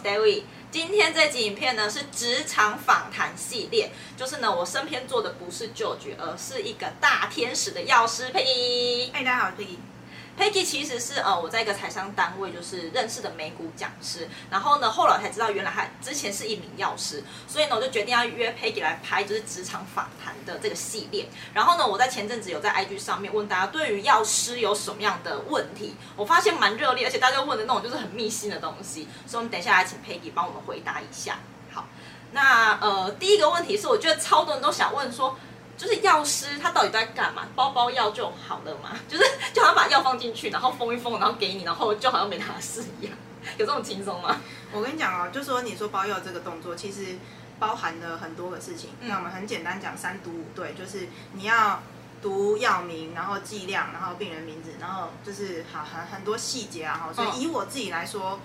David，今天這集影片呢是職場訪談系列，就是呢我身邊坐的不是 George，而是一個大天使的藥師 Peggie。哎，大家好，Peggie。Peggie 其實是呃我在一個財商單位就是認識的美股講師，然後呢後來才知道原來他之前是一名藥師，所以呢我就決定要約 Peggie 來拍就是職場訪談的這個系列。然後呢我在前陣子有在 IG 上面問大家對於藥師有什麼樣的問題，我發現蠻熱烈，而且大家問的那種就是很祕辛的東西，所以我們等一下來請 Peggie 幫我們回答一下。好，那呃第一個問題是我覺得超多人都想問說。就是藥師他到底在幹嘛？包包藥就好了嘛？就是就好像把藥放進去，然後封一封，然後給你，然後就好像沒他事一樣，有這麼輕鬆嗎？我跟你講哦，就說你說包藥這個動作，其實包含了很多個事情、嗯。那我們很簡單講三讀五對，就是你要讀藥名，然後劑量，然後病人名字，然後就是好很很多細節啊。好，所以以我自己來說，哦，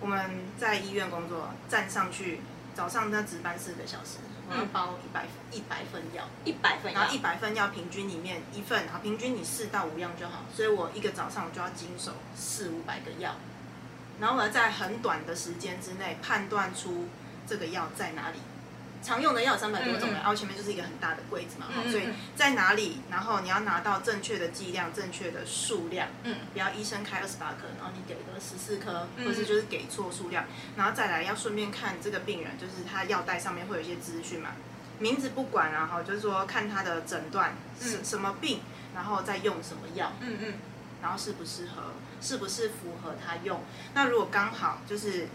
我們在醫院工作，站上去早上他值班四個小時。一包一百一百份藥，一百份，然後一百份藥平均裡面一份，然後平均你四到五樣就好。所以我一個早上我就要經手四五百個藥，然後我在很短的時間之內判斷出這個藥在哪裡。常用的藥有三百多種，然後，嗯、嗯，前面就是一個很大的櫃子嘛，嗯嗯嗯，所以在哪裡，然後你要拿到正確的劑量、正確的數量，嗯，不要醫生開二十八顆，然後你給個十四顆，或是就是給錯數量，然後再來要順便看這個病人，就是他藥袋上面會有一些資訊嘛，名字不管，然後就是說看他的診斷是什麼病，然後再用什麼藥，嗯嗯，然後適不適合，是不是符合他用，那如果剛好就是。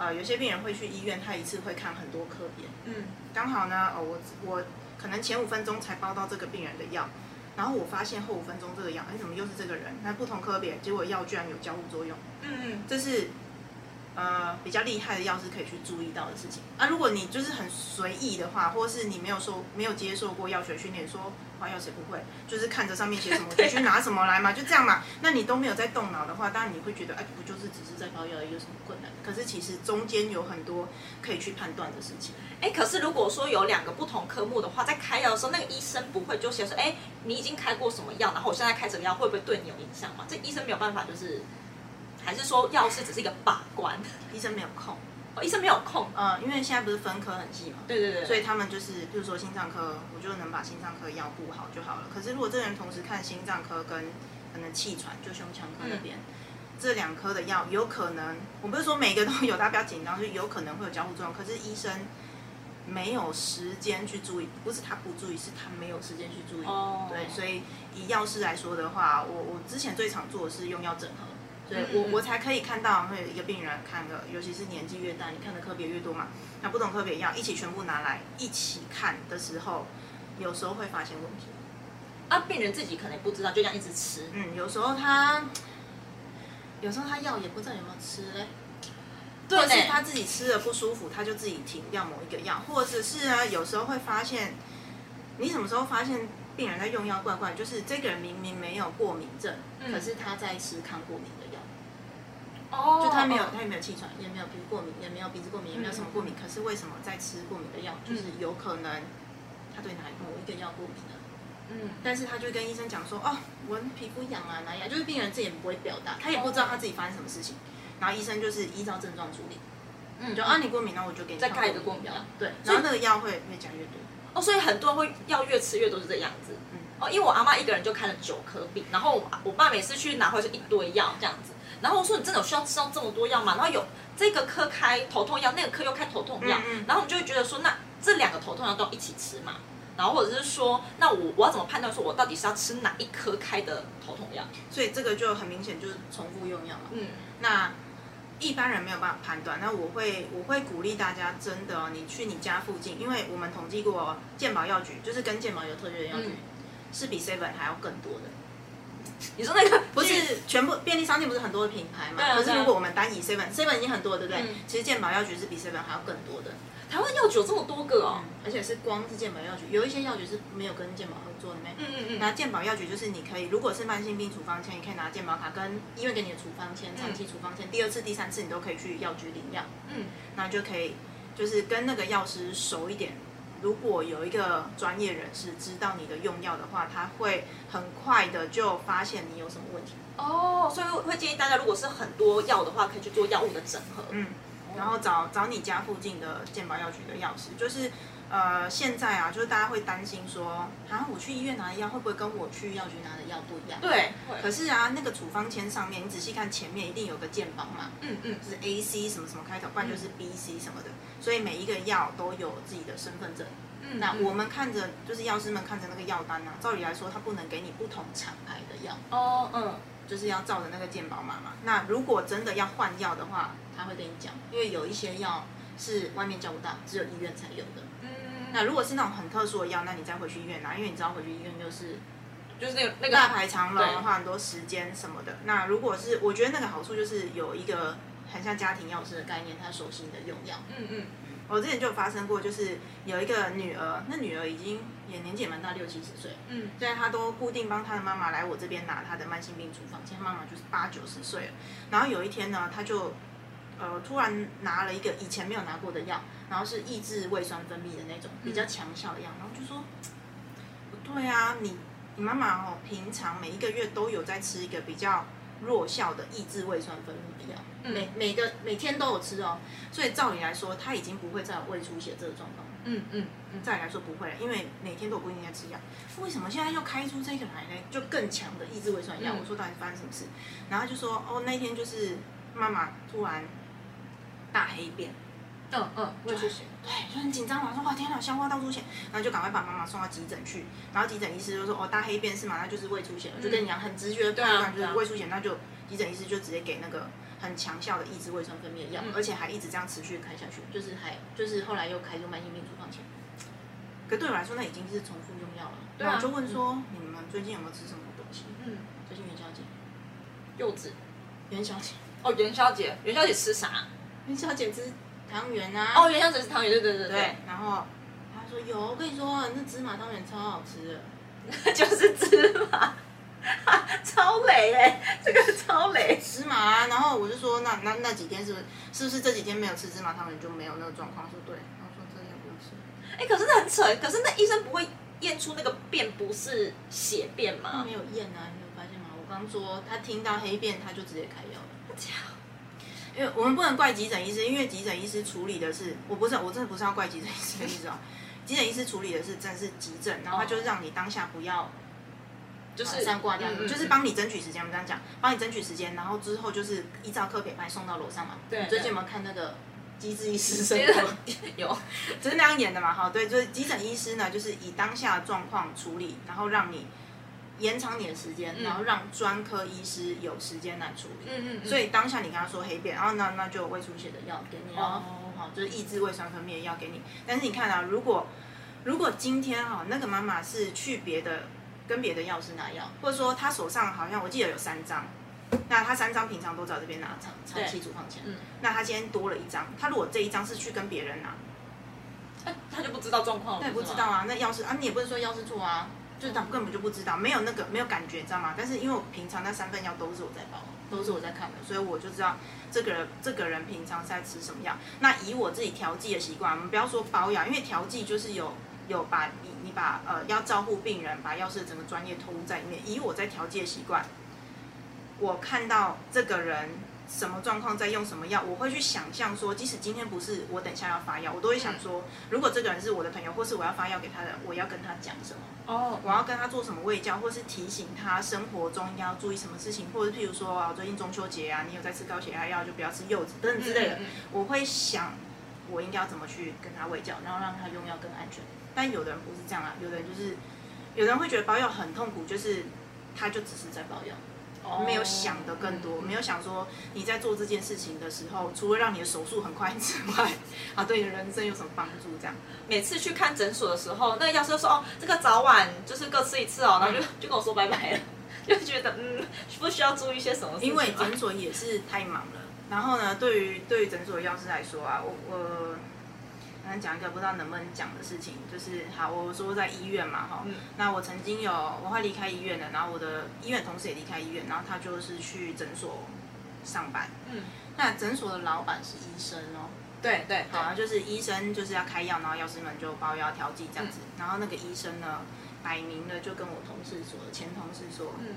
呃，有些病人會去醫院，他一次會看很多科別。嗯，剛好呢，哦，我我可能前五分鐘才包到這個病人的藥，然後我發現後五分鐘這個藥，哎，怎麼又是這個人？那不同科別，結果藥居然有交互作用。嗯嗯，這是。呃，比較厲害的藥師可以去注意到的事情。那、啊、如果你就是很隨意的話，或者是你沒有說沒有接受過藥學訓練，說開藥誰不會？就是看着上面寫什麼 就去拿什麼來嘛，就這樣嘛。那你都沒有在動腦的話，當然你會覺得哎、欸，不就是只是在包藥有什麼困難？可是其實中間有很多可以去判斷的事情。哎、欸，可是如果說有兩個不同科目的話，在開藥的時候，那個醫生不會就寫說哎，你已經開過什麼藥，然後我現在開這個藥會不會對你有影響嘛？這醫生沒有辦法就是。還是說藥師只是一個把關？醫生沒有空，哦，醫生沒有空。嗯、呃，因為現在不是分科很細嘛，對對對，所以他們就是，比如說心臟科，我就能把心臟科藥顧好就好了。可是如果這人同時看心臟科跟可能氣喘，就胸腔科那邊、嗯、這兩科的藥，有可能我不是說每一個都有，大家不要緊張，就有可能會有交互作用。可是醫生沒有時間去注意，不是他不注意，是他沒有時間去注意。哦，對，所以以藥師來說的話，我我之前最常做的是用藥整合。對我，我才可以看到，會有一個病人看的，尤其是年紀越大，你看的科別越多嘛。那不同科別藥一起全部拿來一起看的時候，有時候會發現問題。啊，病人自己可能也不知道，就這樣一直吃。嗯，有時候他，有時候他藥也不知道有沒有吃嘞、欸。對嘞。或是他自己吃了不舒服，他就自己停掉某一個藥，或者是啊，有時候會發現，你什麼時候發現病人在用藥怪怪？就是這個人明明沒有過敏症，嗯、可是他在吃抗過敏。哦，就他沒有，哦，他也沒有氣喘、哦，也沒有皮膚過敏，也沒有鼻子過敏、嗯，也沒有什麼過敏。可是為什麼在吃過敏的藥、嗯？就是有可能他對哪一個藥過敏的。嗯，但是他就跟醫生講說，哦，我皮膚癢啊，哪癢？就是病人自己也不會表達，他也不知道他自己發生什麼事情。哦，然後醫生就是依照症狀處理。嗯，就啊，你過敏，那我就給你再開一個過敏藥。對，然後那個藥會越加越多。哦，所以很多人會藥越吃越多是這樣子、嗯。哦，因為我阿嬤一個人就看了九顆病，然後我爸每次去拿會是一堆藥這樣子。然後我說：“你真的有需要吃到這麼多藥嗎？”然後有這個科開頭痛藥，那個科又開頭痛藥，嗯嗯，然後你就會覺得說：“那這兩個頭痛藥都要一起吃嘛？”然後或者是說：“那我我要怎麼判斷說我到底是要吃哪一顆開的頭痛藥？”所以這個就很明顯就是重複用藥了。嗯，那一般人沒有辦法判斷。那我會我會鼓勵大家，真的、哦，你去你家附近，因為我們統計過健保藥局，就是跟健保有特約的藥局、嗯，是比 Seven 還要更多的。 你說那個不是全部便利商店不是很多的品牌嘛？對啊對啊，可是如果我們單以 Seven Seven 已經很多了，對不對？嗯、其實健保藥局是比 Seven 還要更多的。嗯、台灣藥局有這麼多個哦、嗯，而且是光是健保藥局，有一些藥局是沒有跟健保合作的，沒？嗯嗯嗯。那健保藥局就是你可以，如果是慢性病處方簽，你可以拿健保卡跟醫院給你的處方簽、長期處方簽，第二次、第三次你都可以去藥局領藥。嗯，嗯。那就可以，就是跟那個藥師熟一點。如果有一個專業人士知道你的用藥的話，他會很快的就發現你有什麼問題哦。所以我會建議大家，如果是很多藥的話，可以去做藥物的整合，嗯，然後找、哦、找你家附近的健保藥局的藥師，就是。呃，現在啊，就是大家會擔心說，啊，我去醫院拿的藥會不會跟我去藥局拿的藥不一樣？對。對，可是啊，那個處方箋上面，你仔細看前面一定有個健保碼，嗯嗯，就是 A C 什麼什麼開頭，不然就是 B C 什麼的，嗯，所以每一個藥都有自己的身份證。嗯。那我們看着，就是藥師們看着那個藥單啊，照理來說，他不能給你不同廠牌的藥。哦，嗯。就是要照着那個健保碼嘛。那如果真的要換藥的話，他會跟你講，因為有一些藥是外面叫不到，只有醫院才有的。嗯。那如果是那種很特殊的藥，那你再回去醫院拿。啊，因為你知道回去醫院就是，就是那個那個大排長龍的話，很多時間什麼的。那如果是，我覺得那個好處就是有一個很像家庭藥師的概念，他熟悉你的用藥。嗯嗯，我之前就有發生過，就是有一個女兒，那女兒已經也年紀蠻大，六七十歲。嗯。現在她都固定幫她的媽媽來我這邊拿她的慢性病處方。現在媽媽就是八九十歲了。然後有一天呢，她就。呃，突然拿了一個以前沒有拿過的藥，然後是抑制胃酸分泌的那種比較強效的藥、嗯，然後就說，不對啊，你你媽媽哦，平常每一個月都有在吃一個比較弱效的抑制胃酸分泌的藥、嗯，每每個每天都有吃哦，所以照理來說，她已經不會再有胃出血這個狀況。嗯嗯照理來說不會了，因為每天都不應該吃藥，為什麼現在又開出這個來呢？就更強的抑制胃酸藥、嗯？我說到底發生什麼事？然後就說，哦，那天就是媽媽突然。大黑便，嗯嗯，胃出血，對，就很緊張嘛，說哇天哪、啊，消化道出血，然後就趕快把媽媽送到急診去，然後急診醫師就說哦，大黑便是嘛，那就是胃出血，我就跟你講，很直覺的判斷、嗯、就是胃出血，那、嗯、就急診醫師就直接給那個很強效的抑制胃酸分泌的藥，而且還一直這樣持續開下去，嗯、就是還就是後來又開用慢性病處方箋，可對我來說那已經是重複用藥了，對啊，然後就問說、嗯、你們最近有沒有吃什麼東西？嗯，最近元宵節，柚子，元宵節，哦元宵節，元宵節吃啥？元宵節吃湯圓啊！哦，元宵節吃湯圓，對對對對。對然後他說有，我跟你說、啊，那芝麻湯圓超好吃的， 就是芝麻，啊、超美哎、欸，這個超美芝麻、啊，然後我就說，那那那幾天是不是，是不是這幾天沒有吃芝麻湯圓就沒有那個狀況？是對。然後說這也不用吃。哎，可是那很扯，可是那醫生不會驗出那個便不是血便嗎？他沒有驗啊，你有發現嗎？我剛說他聽到黑便，他就直接開藥了。這樣。因為我們不能怪急診醫師，因為急診醫師處理的是，我不是，我真的不是要怪急診醫師，你知道嗎？急診醫師處理的是真的是急症，然後他就讓你當下不要，就是馬上、呃、掛掉、嗯嗯，就是幫你爭取時間，我、嗯、們這樣講，幫你爭取時間，然後之後就是依照科別派送到樓上嘛。對，對，你最近有沒有看那個機智醫師生活？有，只 是那樣演的嘛，好，對，就是急診醫師呢，就是以當下的狀況處理，然後讓你。延長你的時間，然後讓專科醫師有時間來處理。嗯嗯。所以當下你跟他說黑便，然後那那就胃出血的藥給你哦，好，就是抑制胃酸分泌的藥給你。但是你看啊，如果如果今天哈、啊、那個媽媽是去別的跟別的藥師拿藥，或者說她手上好像我記得有三張，那她三張平常都在這邊拿，長長期處方箋。嗯。那她今天多了一張，她如果這一張是去跟別人拿，她她就不知道狀況了。對，不知道啊，那藥師啊，你也不是說藥師錯啊。就是他們根本就不知道，沒有那個沒有感覺，你知道嗎？但是因為我平常那三份藥都是我在包，都是我在看的，所以我就知道這個人這個人平常在吃什麼藥。那以我自己調劑的習慣，我們不要說包養，因為調劑就是有有把你你把呃要照顧病人，把藥師整個專業投入在裡面。以我在調劑的習慣，我看到這個人，什麼狀況在用什麼藥，我會去想象說，即使今天不是我等下要發藥，我都會想說，如果這個人是我的朋友，或是我要發藥給他的，我要跟他講什麼？哦、oh.，我要跟他做什麼衛教，或是提醒他生活中應該要注意什麼事情，或者譬如說，啊，最近中秋節啊，你有在吃高血壓藥就不要吃柚子等等之類的，mm -hmm. 我會想我應該要怎麼去跟他衛教，然後讓他用藥更安全。但有的人不是這樣啊，有的人就是，有的人會覺得包藥很痛苦，就是他就只是在包藥。哦，沒有想的更多，沒有想說你在做這件事情的時候，除了讓你的手速很快之外，啊，對你的人生有什麼幫助？這樣每次去看診所的時候，那個藥師就說：“哦，這個早晚就是各吃一次哦。”啊，然後就就跟我說拜拜了，就覺得嗯，不需要注意些什麼事情？因為診所也是太忙了。然後呢，對於對於診所的藥師來說啊，我我。呃講一個不知道能不能講的事情，就是好，我說在醫院嘛，哈、嗯，那我曾經有我會離開醫院的，然後我的醫院同事也離開醫院，然後他就是去診所上班，嗯，那診所的老闆是醫生哦、喔，對對，好對，就是醫生就是要開藥，然後藥師們就包藥調劑這樣子、嗯，然後那個醫生呢，擺明了就跟我同事說，前同事說，嗯，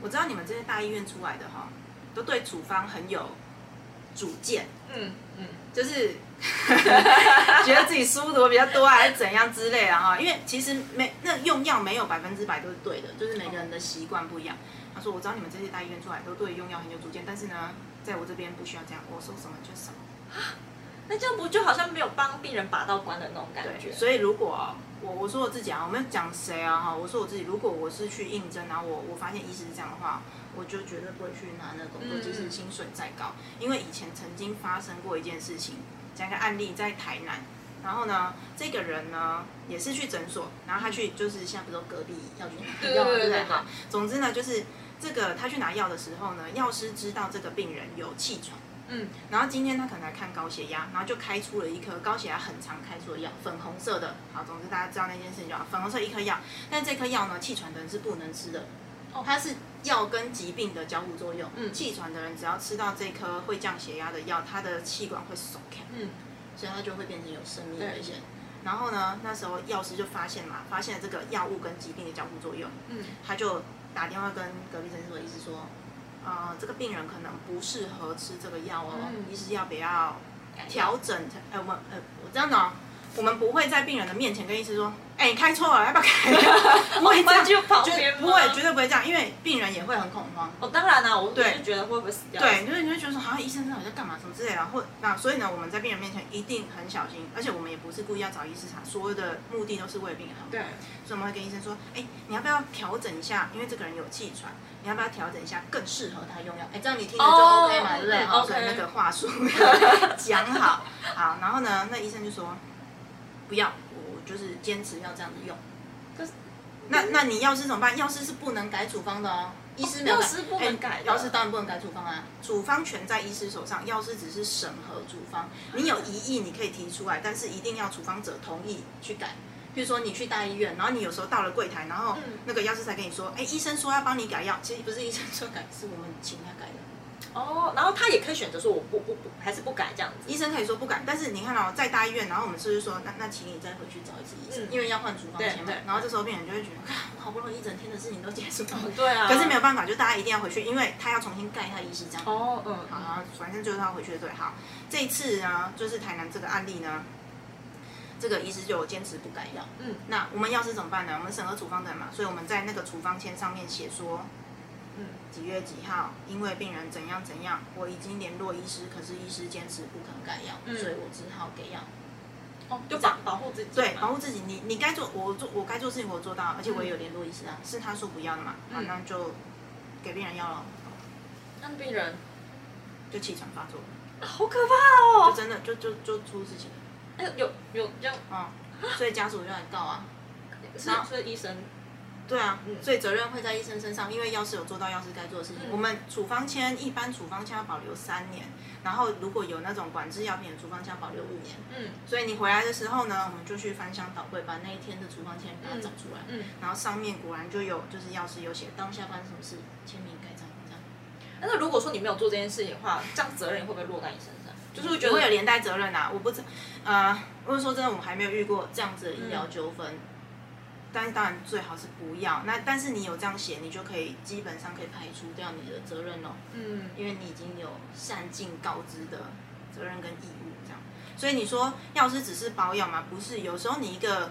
我知道你們這些大醫院出來的哈，都對處方很有主見，嗯嗯。就是 覺得自己書讀比較多還是怎樣之類的哈，因為其實沒那用藥沒有百分之百都是對的，就是每個人的習慣不一樣。他說我知道你們這些大醫院出來都對用藥很有主見，但是呢，在我這邊不需要這樣，我說什麼就什麼， 那這樣不就好像沒有幫病人把到關的那種感覺？對，所以如果、哦。我我說我自己啊，我沒有講誰啊哈？我說我自己，如果我是去應徵，然後我我發現醫師是這樣的話，我就絕對不會去拿那個工作，就是薪水再高。嗯。因為以前曾經發生過一件事情，講個案例在台南，然後呢，這個人呢也是去診所，然後他去就是現在不是說隔壁要去拿藥，對不對哈？總之呢，就是這個他去拿藥的時候呢，藥師知道這個病人有氣喘。嗯，然後今天他可能在看高血壓，然後就開出了一顆高血壓很常開出的藥，粉紅色的。好，總之大家知道那件事情就好。粉紅色一顆藥，但這顆藥呢，氣喘的人是不能吃的。哦，它是藥跟疾病的交互作用。嗯，氣喘的人只要吃到這顆會降血壓的藥，他的氣管會鬆開。嗯，所以他就會變成有生命危險，嗯。然後呢，那時候藥師就發現嘛，發現了這個藥物跟疾病的交互作用。嗯，他就打電話跟隔壁診所醫師說。啊、嗯，這個病人可能不適合吃這個藥哦，醫、嗯、師要不要調整成？哎，我，呃、哎，我這樣子哦我們不會在病人的面前跟醫生說：“哎、欸，你開錯了，要不要開？” 不會這樣 跑，不會，絕對不會這樣，因為病人也會很恐慌。我、哦、當然啊，我就覺得會不會死掉對？對，就是你會覺得說：“像、啊、醫生，這好像在幹嘛什麼之類的。”然後那所以呢，我們在病人面前一定很小心，而且我們也不是故意要找醫生碴，所有的目的都是為病人好。對，所以我們會跟醫生說：“哎、欸，你要不要調整一下？因為這個人有氣喘，你要不要調整一下更適合他用藥？哎、欸，這樣你聽着就 OK 嗎？對、oh, 不對？Okay. 所以那個話術 講好，好，然後呢，那醫生就說。”不要，我就是堅持要這樣子用。那那，那你藥師怎麼辦？藥師是不能改處方的哦。哦、醫師，藥師不能改。欸、藥師當然不能改處方啊，處方權在醫師手上，藥師只是審核處方。嗯、你有疑義，你可以提出來，但是一定要處方者同意去改。譬如說，你去大醫院，然後你有時候到了櫃檯，然後那個藥師才跟你說，哎、欸，醫生說要幫你改藥，其實不是醫生說改，是我們請他改的。哦，然後他也可以選擇說我不不不，還是不改這樣子。醫生可以說不改，但是你看哦，在大醫院，然後我們是不是說，那那請你再回去找一次醫生，嗯、因為要換處方簽，對，對然後這時候病人就會覺得，我、啊、好不容易一整天的事情都結束了、嗯對啊，可是沒有辦法，就大家一定要回去，因為他要重新蓋他醫師、嗯、這樣子。哦，嗯，好，好，反正就是他回去對好。這一次呢，就是台南這個案例呢，這個醫師就堅持不改藥。嗯，那我們藥師怎麼辦呢？我們審核處方簽嘛，所以我們在那個處方簽上面寫說。幾月幾號？因為病人怎樣怎樣，我已經聯絡醫師，可是醫師堅持不肯改藥、嗯，所以我只好給藥。哦，就保保護自己、哦，對，保護自己。你你該做，我做我該做的事情，我做到，而且我也有聯絡醫師啊、嗯，是他說不要的嘛，好、嗯啊、那就給病人藥了。那病人就氣喘發作、啊，好可怕哦！就真的就就就出事情。哎、欸，有有這樣啊、嗯？所以家屬就來告啊？是、啊、是醫生？對啊、嗯，所以責任會在醫生身上，因為藥師有做到藥師該做的事情。嗯、我們處方簽一般處方簽要保留三年，然後如果有那種管制藥品的處方簽，要保留五年。嗯。所以你回來的時候呢，我們就去翻箱倒櫃，把那一天的處方簽把它找出來。嗯。嗯。然後上面果然就有，就是藥師有寫當下發生什麼事，簽名蓋章這樣。但如果說你沒有做這件事情的話，這樣責任會不會落在你身上？就是我覺得有連帶責任吶、啊。我不知，呃，如果說真的，我們還沒有遇過這樣子的醫療糾紛。嗯但當然最好是不要。那但是你有這樣寫，你就可以基本上可以排除掉你的責任嘍、哦。嗯，因為你已經有善盡告知的責任跟義務這樣。所以你說藥師只是保養嘛？不是，有時候你一個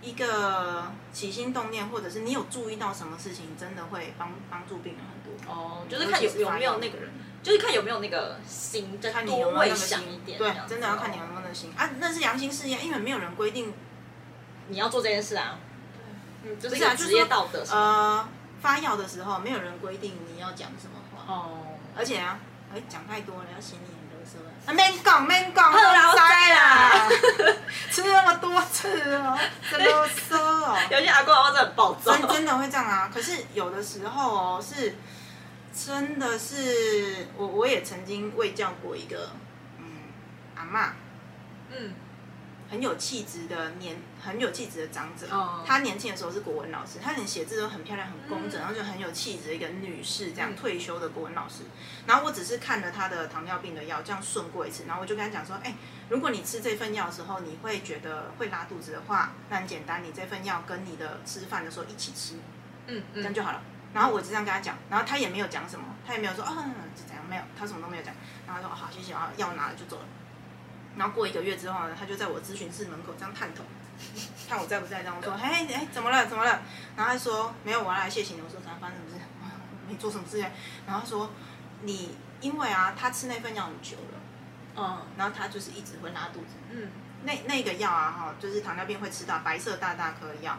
一個起心動念，或者是你有注意到什麼事情，真的會幫幫助病人很多。哦，就是有有，就是看有沒有那個人，就是看有沒有那個心，再多為想一點。對，真的要看你有，有沒有那心，哦、啊！那是良心事業，因為沒有人規定你要做這件事啊。嗯、就是一職業道德、啊就是。呃，發藥的時候，沒有人規定你要講什麼話。哦。而且啊，哎、欸，講太多了，要嫌你很囉嗦沒講，沒、啊、講，喝老塞啦。 吃那麼多，吃哦，得 瑟哦。有些阿公阿婆很暴躁。真的會這樣啊？可是有的時候哦，是，真的是，我我也曾經衛教過一個，嗯，阿嬤，嗯，很有氣質的年。很有氣質的長者，她年輕的時候是國文老師，她連寫字都很漂亮，很工整，然後就很有氣質的一個女士，這樣退休的國文老師。然後我只是看了她的糖尿病的藥，這樣順過一次，然後我就跟她講說，哎、欸，如果你吃這份藥的時候，你會覺得會拉肚子的話，那很簡單，你這份藥跟你的吃飯的時候一起吃，嗯，嗯，這樣就好了。然後我就這樣跟她講，然後她也沒有講什麼，她也沒有說啊，哦嗯、是怎樣沒有，她什麼都沒有講。然後他說、哦、好，謝謝，啊，藥拿了就走了。然後過一個月之後呢，她就在我諮詢室門口這樣探頭。看我在不在這樣，我說，哎哎，怎麼了怎麼了？然後他說沒有，我要來謝謝你，我說啥，反正不是，啊、沒做什麼事。然後他說你因為啊，他吃那份藥很久了，嗯，然後他就是一直會拉肚子。嗯，那那個藥啊哈，就是糖尿病會吃到白色大大顆藥，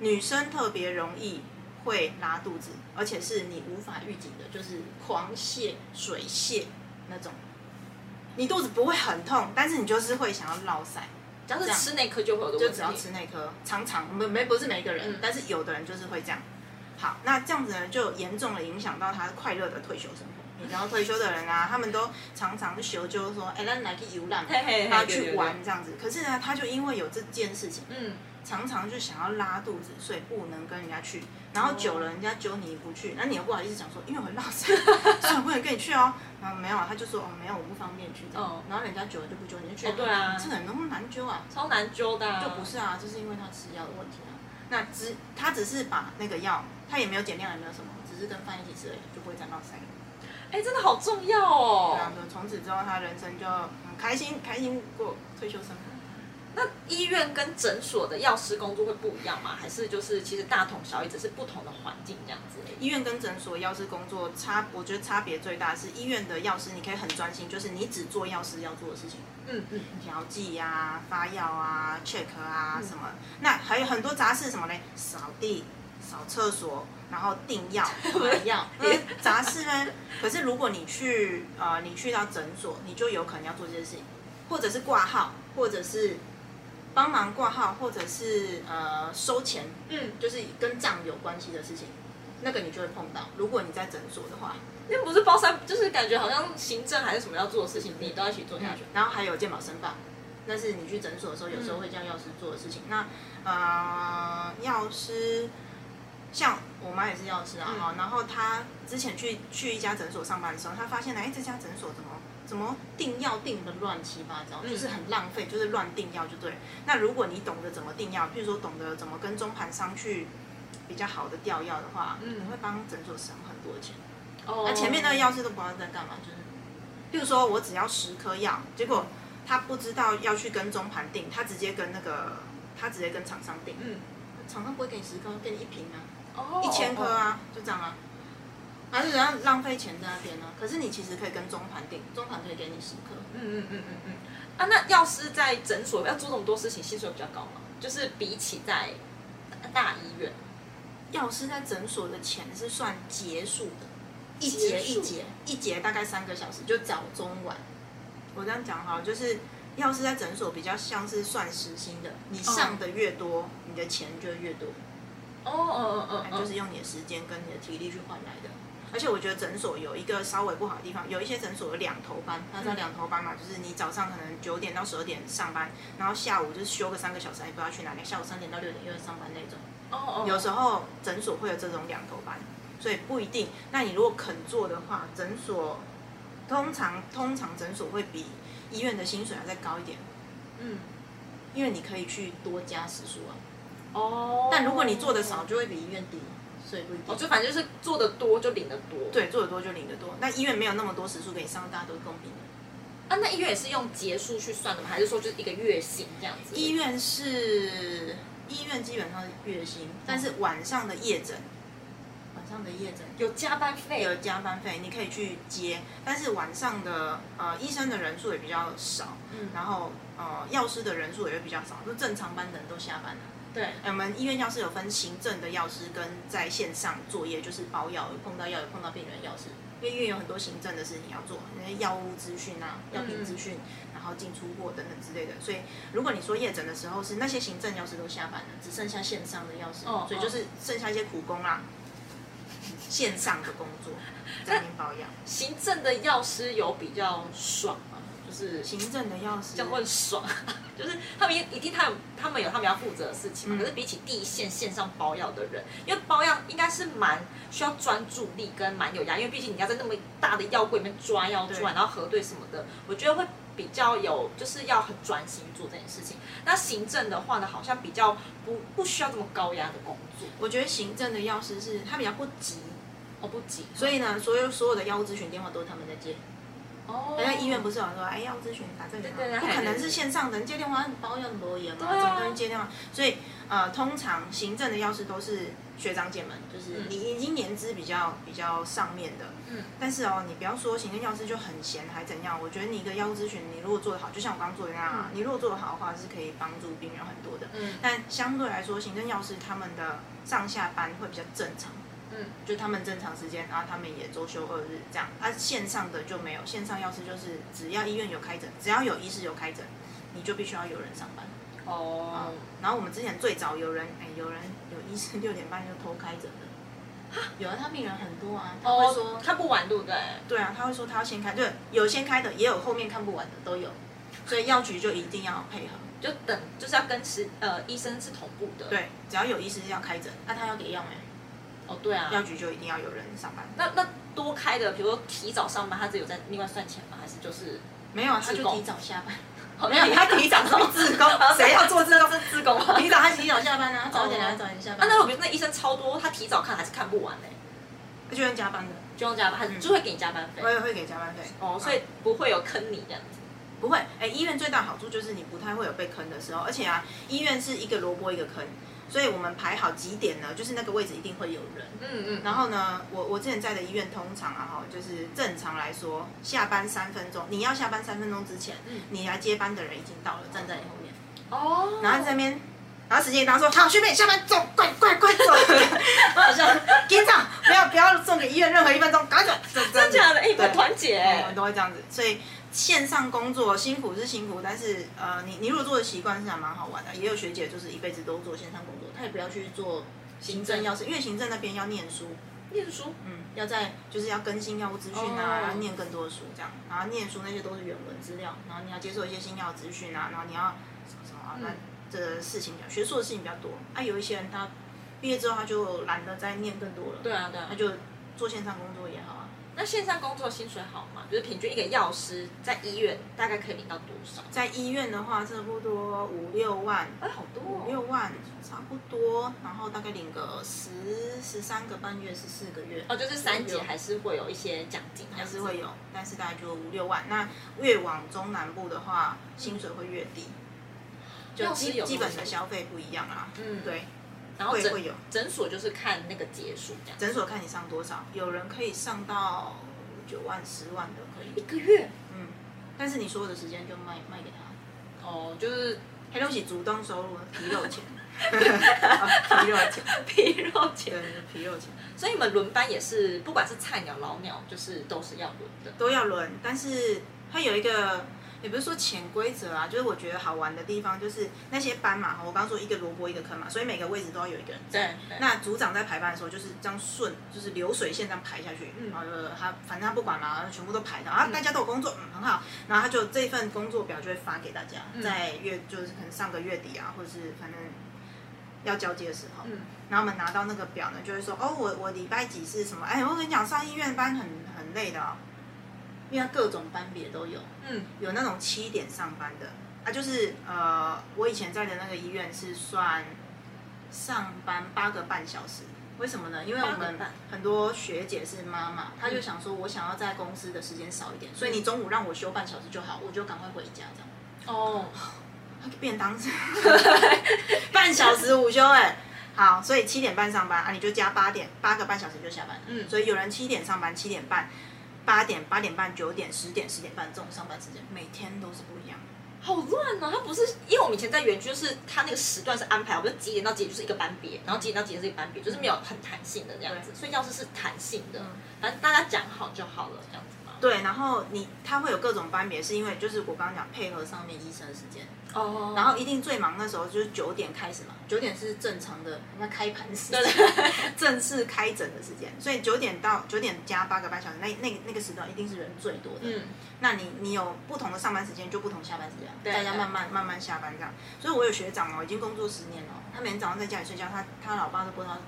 女生特別容易會拉肚子，而且是你無法預警的，就是狂泄水泄那種，你肚子不會很痛，但是你就是會想要落賽。只要是吃那顆就好的問，就只要吃那顆，常常沒沒，不是每一個人，但是有的人就是會這樣。好，那這樣子呢，就嚴重的影響到他快樂的退休生活。然後退休的人啊， 他們都常常修就是說，哎、欸，咱來去遊覽，他去玩這樣子，對對對。可是呢，他就因為有這件事情，嗯。常常就想要拉肚子，所以不能跟人家去。然後久了，人家揪你不去、哦，那你又不好意思講說，因為我鬧屎， 所以不能跟你去哦。然後沒有，他就說，哦，沒有，我不方便去這、哦、然後人家久了就不揪你，就去、哦、對啊，這個人那麼難揪啊、嗯，超難揪的。就不是啊，就是因為他吃藥的問題啊。那只他只是把那個藥，他也沒有減量，也沒有什麼，只是跟飯一起吃而已，就不會再鬧屎。哎，真的好重要哦。對啊，從此之後他人生就很開心，開心過退休生活。那醫院跟診所的藥師工作會不一樣嗎？還是就是其實大同小異，只是不同的環境這樣子？醫院跟診所藥師工作差，我覺得差別最大是醫院的藥師你可以很專心，就是你只做藥師要做的事情，嗯嗯，調劑啊、發藥啊、嗯、check 啊什麼。那還有很多雜事什麼呢？掃地、掃廁所，然後訂藥、 發藥。雜事呢？ 可是如果你去啊、呃，你去到診所，你就有可能要做這些事情，或者是掛號，或者是。幫忙掛號，或者是呃收錢，嗯，就是跟賬有關係的事情，那個你就會碰到。如果你在診所的話，那不是包山，就是感覺好像行政還是什麼要做的事情，嗯、你都要一起做下去。嗯、然後還有健保申報，那是你去診所的時候有時候會叫藥師做的事情。嗯、那呃，藥師像我媽也是藥師啊，哈、嗯，然後她之前去去一家診所上班的時候，她發現哎、欸、這家診所怎麼？什麼定藥定的亂七八糟，就是很浪費，就是亂定藥就對。那如果你懂得怎麼定藥，譬如說懂得怎麼跟中盤商去比較好的調藥的話，你會幫診所省很多錢。那、oh. 啊、前面那個藥師都不知道在幹嘛，就是譬如說我只要十顆藥，結果他不知道要去跟中盤定，他直接跟那個他直接跟廠商定，嗯，廠商不會給你十顆，給你一瓶啊，oh. 一千顆啊，oh. 就這樣啊。還是人家浪費錢在那邊呢。可是你其實可以跟中團訂，中團可以給你十克。嗯嗯嗯嗯嗯。啊，那藥師在診所要做這麼多事情，薪水比較高嗎？就是比起在大，大醫院，藥師在診所的錢是算節數的，一節一節一節大概三個小時，就早中晚。我這樣講哈，就是要是在診所比較像是算時薪的，你上的越多，oh. 你的錢就越多。哦哦哦哦，就是用你的時間跟你的體力去換來的。而且我覺得診所有一個稍微不好的地方，有一些診所有兩頭班，它叫兩頭班嘛、嗯，就是你早上可能九點到十二點上班，然後下午就是休個三個小時，還不知道去哪裡，下午三點到六點又要上班那種。哦哦。有時候診所會有這種兩頭班，所以不一定。那你如果肯做的話，診所通常通常，診所會比醫院的薪水要再高一點。嗯。因為你可以去多加時數啊。哦、oh.。但如果你做的少，就會比醫院低。我、哦、就反正就是做的多就領的多，對，做的多就領的多。那醫院沒有那麼多時數給你上，大家都公平的。啊，那醫院也是用節數去算的嗎？還是說就是一個月薪這樣子？醫院是醫院基本上是月薪，但是晚上的夜診，晚上的夜診、嗯、有加班費，有加班費，你可以去接。但是晚上的呃醫生的人數也比較少，嗯，然後呃藥師的人數也會比較少，就正常班的人都下班了。對、哎，我們醫院藥師有分行政的藥師跟在線上作業，就是包藥，碰到藥有碰到病人的藥師。因為醫院有很多行政的事情要做，那些藥物資訊啊、藥品資訊，嗯嗯，然後進出貨等等之類的。所以如果你說夜診的時候，是那些行政藥師都下班了，只剩下線上的藥師，哦，所以就是剩下一些苦工啦、啊哦，線上的工作 在包藥。行政的藥師有比較爽。就是就行政的藥師，這樣很爽，就是他們一定他有他們有他們要負責的事情嘛、嗯，可是比起第一線線上包藥的人，因為包藥應該是蠻需要專注力跟蠻有壓力，因為畢竟你要在那麼大的藥櫃裡面抓藥出來然後核對什麼的，我覺得會比較有就是要很專心做這件事情。那行政的話呢，好像比較不不需要這麼高壓的工作，我覺得行政的藥師是他們比較不急，哦不急，所以呢、嗯，所有所有的藥物諮詢電話都是他們在接。人在醫院不是有人說，哎、欸，藥諮詢打這個，不可能是線上的人接電話，包要多言嘛，總不能接電話。所以，呃，通常，行政的藥師都是學長姐們，就是你已經年資比較比較上面的。嗯。但是哦，你不要說行政藥師就很閒還怎樣？我覺得你一個藥諮詢，你如果做得好，就像我剛剛做的那樣、嗯，你如果做得好的話，是可以幫助病人很多的。嗯。但相對來說，行政藥師他們的上下班會比較正常。嗯，就他們正常時間，然、啊、後他們也周休二日這樣。他、啊、線上的就沒有，線上藥師就是只要醫院有開診，只要有醫師有開診，你就必須要有人上班。哦、啊。然後我們之前最早有人哎、欸，有人有醫生六點半就偷開診的，哈，有人他病人很多啊，他會說看、哦、不完，對不對？對啊，他會說他要先開，對，有先開的，也有後面看不完的都有，所以藥局就一定要配合，就等就是要跟是呃醫生是同步的。對，只要有醫師要開診，那、啊、他要給藥沒？哦、oh，對啊，藥局就一定要有人上班。那那多開的，比如提早上班，他自己有在另外算錢嗎？還是就是沒有啊？他就提早下班。 哦、 沒有，他提早都自工， 誰要做這工是自工，提早他提早下班啊，早點來早點下班。那我覺得那醫生超多，他提早看還是看不完呢。他、嗯、就算加班的，就用加班，他就會給你加班費，嗯、我也會給加班費。哦，所以不會有坑你這樣子，不會。哎、欸，醫院最大好處就是你不太會有被坑的時候，而且啊，醫院是一個蘿蔔一個坑。所以我們排好幾點呢？就是那個位置，一定會有人。嗯嗯。然後呢，我我之前在的醫院，通常啊就是正常來說，下班三分鐘，你要下班三分鐘之前，嗯，你來接班的人已經到了，嗯、站在你後面。哦。然後這邊，然後時間一到說，好，學妹下班走，快快快走。我 好像， 緊 張，不要不要送給醫院任何一分鐘，趕緊走。真假的？哎，團結、欸。我們都會這樣子，所以。線上工作辛苦是辛苦，但是呃，你你如果做的習慣是還蠻好玩的。也有學姐就是一輩子都做線上工作，她也不要去做行政要事，要是因為行政那邊要念書，念書，嗯，要在就是要更新藥物資訊啊，要、oh, 念更多的書這樣，然後念書那些都是原文資料，然後你要接受一些新藥資訊啊，然後你要什麼什麼那、啊嗯、這事情比較學術的事情比較多。啊，有一些人他畢業之後他就懶得再念更多了，對啊對啊，他就做線上工作也好。那線上工作薪水好嗎？就是平均一個藥師在醫院大概可以領到多少？在醫院的話，差不多五六萬。哎、欸，好多哦，五六萬，差不多。然後大概領個十十三個半月，十四個月。哦，就是三節還是會有一些獎金，還是會有，但是大概就五六萬。那越往中南部的話，薪水會越低。嗯、就基基本的消費不一樣啊。嗯，對。然後會會有診所，就是看那個結束這樣，診所看你上多少，有人可以上到九萬、十萬的，可以一個月，嗯，但是你所有的時間就賣賣給他，哦，就是黑六喜主動收入皮肉錢， 皮肉錢，皮肉錢，皮肉錢，所以你們輪班也是，不管是菜鳥、老鳥，就是都是要輪的，都要輪，但是它有一個。也不是說潛規則啊，就是我覺得好玩的地方，就是那些班嘛哈，我剛剛說一個蘿蔔一個坑嘛，所以每個位置都要有一個人在那。組長在排班的時候，就是這樣順，就是流水線這樣排下去。嗯。然後他反正他不管嘛，然後全部都排到啊，嗯、大家都有工作，嗯，很好。然後他就這份工作表就會發給大家，嗯、在月就是可能上個月底啊，或者是反正要交接的時候，嗯。然後我們拿到那個表呢，就會說哦，我我禮拜幾是什麼？哎，我跟你講，上醫院班很很累的哦。因為各種班別都有，嗯，有那種七點上班的，啊，就是呃，我以前在的那個醫院是算上班八個半小時，為什麼呢？因為我們很多學姐是媽媽，嗯，她就想說，我想要在公司的時間少一點，嗯，所以你中午讓我休半小時就好，我就趕快回家這樣。哦，便當，半小時午休哎，欸，好，所以七點半上班啊，你就加八點，八個半小時就下班，嗯，所以有人七點上班，七點半。八點、八點半、九點、十點、十點半這種上班時間，每天都是不一樣的，好亂啊！哦，他不是，因為我們以前在園區，是他那個時段是安排，我覺得幾點到幾點就是一個班別，然後幾點到幾點是一個班別，就是沒有很彈性的這樣子。嗯、所以要是是彈性的，嗯，反正大家講好就好了，這樣子嘛。對，然後你他會有各種班別，是因為就是我剛剛講配合上面醫生的時間。哦、oh, oh,，oh, oh. 然後一定最忙的時候就是九點開始嘛，九點是正常的，那開盤時間對對對，正式開診的時間，所以九點到九點加八個半小時，那那個、那個時段一定是人最多的。嗯，那你你有不同的上班時間就不同下班時間，對對對，大家慢慢慢慢下班這樣。所以，我有學長哦，已經工作十年了，他每天早上在家裡睡覺，他他老爸都不知道、啊、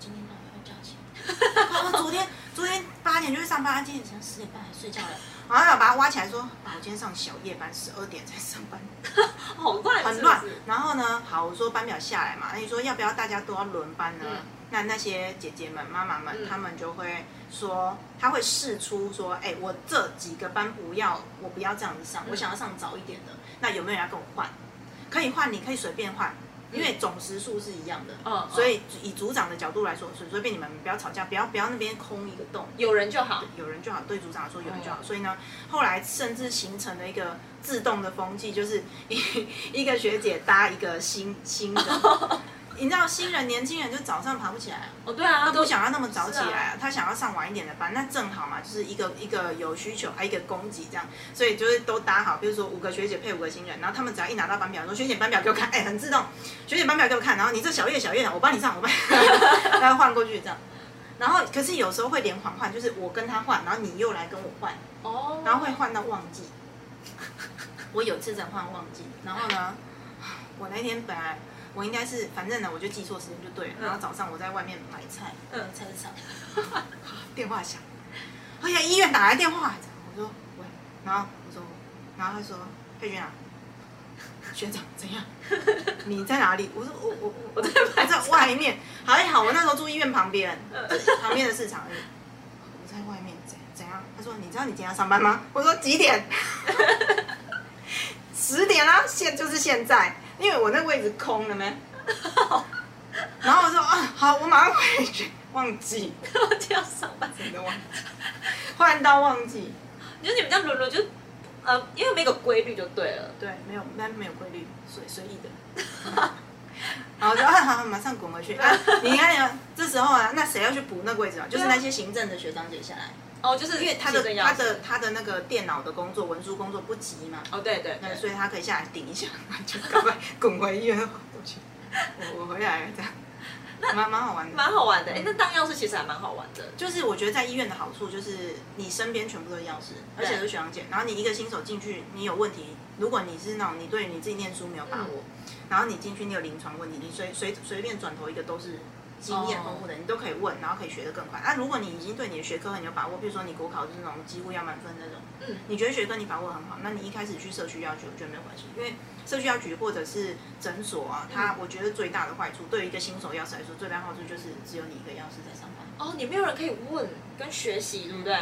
今天早上要交錢。 他說昨天昨天八點就去上班，他今天清晨十點半還睡覺了。好像、啊、把它挖起來說、啊，我今天上小夜班，十二點才上班， 好亂，很亂。然後呢，好，我說班表下來嘛，那你說要不要大家都要輪班呢？嗯、那那些姐姐們、媽媽們、嗯，他們就會說，他會試出說，哎、欸，我這幾個班不要，我不要這樣子上，我想要上早一點的、嗯。那有沒有人要跟我換？可以換，你可以隨便換。因為總時數是一樣的、嗯，所以以組長的角度來說，哦、隨便你們不要吵架，不要不要那邊空一個洞，有人就好，有人就好，對組長來說有人就好、哦。所以呢，後來甚至形成了一個自動的風氣，就是一一個學姐搭一個新呵呵新人。呵呵你知道新人年輕人就早上爬不起來哦，對啊，他不想要那麼早起來、啊啊，他想要上晚一點的班，那正好嘛，就是一個一個有需求，還一個供給這樣，所以就是都搭好，比如說五個學姐配五個新人，然後他們只要一拿到班表，說學姐班表給我看，哎、欸，很自動，學姐班表給我看，然後你這小月、小月，我幫你上，我幫你。 然後換過去這樣，然後可是有時候會連環換，就是我跟他換，然後你又來跟我換，哦，然後會換到忘記，oh. 我有次真換到忘記，然後呢，我那天本來。我應該是，反正呢，我就記錯時間就對了，嗯。然後早上我在外面買菜，嗯，菜市場，電話響，哎呀，醫院打來電話，我說喂，然後我說，然後他說， 佩君啊，學長怎樣？你在哪裡？我說我我我，我在我在外面，還好，欸、好，我那時候住醫院旁邊， 旁邊的市場，欸，我在外面怎樣怎樣？他說你知道你今天要上班嗎？我說幾點？ 十點啦，啊，現就是現在。因為我那個位置空了沒，oh. 然後我說啊，好，我馬上回去，忘記。 我就要上班，整個忘記，換到忘記，就是你們這樣輪輪就，呃，因為沒有規律就對了，對，沒有沒有規律，所以隨意的，嗯 然後就啊、好，我說好好馬上滾回去， 啊你看呀，這時候啊，那誰要去補那個位置啊？就是那些行政的學長姐下來。哦，就是因為他的他的他的，他的那個電腦的工作，文書工作不急嘛。哦，對對，對，那所以他可以下來頂一下， 就趕快滾回醫院 我我回來了，這樣，那蠻蠻好玩的，蠻好玩的。哎、欸，那當藥師其實還蠻好玩的，就是我覺得在醫院的好處就是你身邊全部都是藥師，而且就是學長姐。然後你一個新手進去，你有問題，如果你是那種你對你自己念書沒有把握，嗯、然後你進去你有臨床問題，你隨隨隨便轉頭一個都是。經驗豐富的，哦、你都可以問，然後可以學得更快。那、啊、如果你已經對你的學科很有把握，比如說你國考就是那種幾乎要滿分那種、嗯，你覺得學科你把握很好，那你一開始去社區藥局，我覺得沒有關係。因為社區藥局或者是診所啊、嗯，它我覺得最大的壞處，對於一個新手藥師來說，嗯、最大壞處就是只有你一個藥師在上班。哦，你沒有人可以問，跟學習，對不對？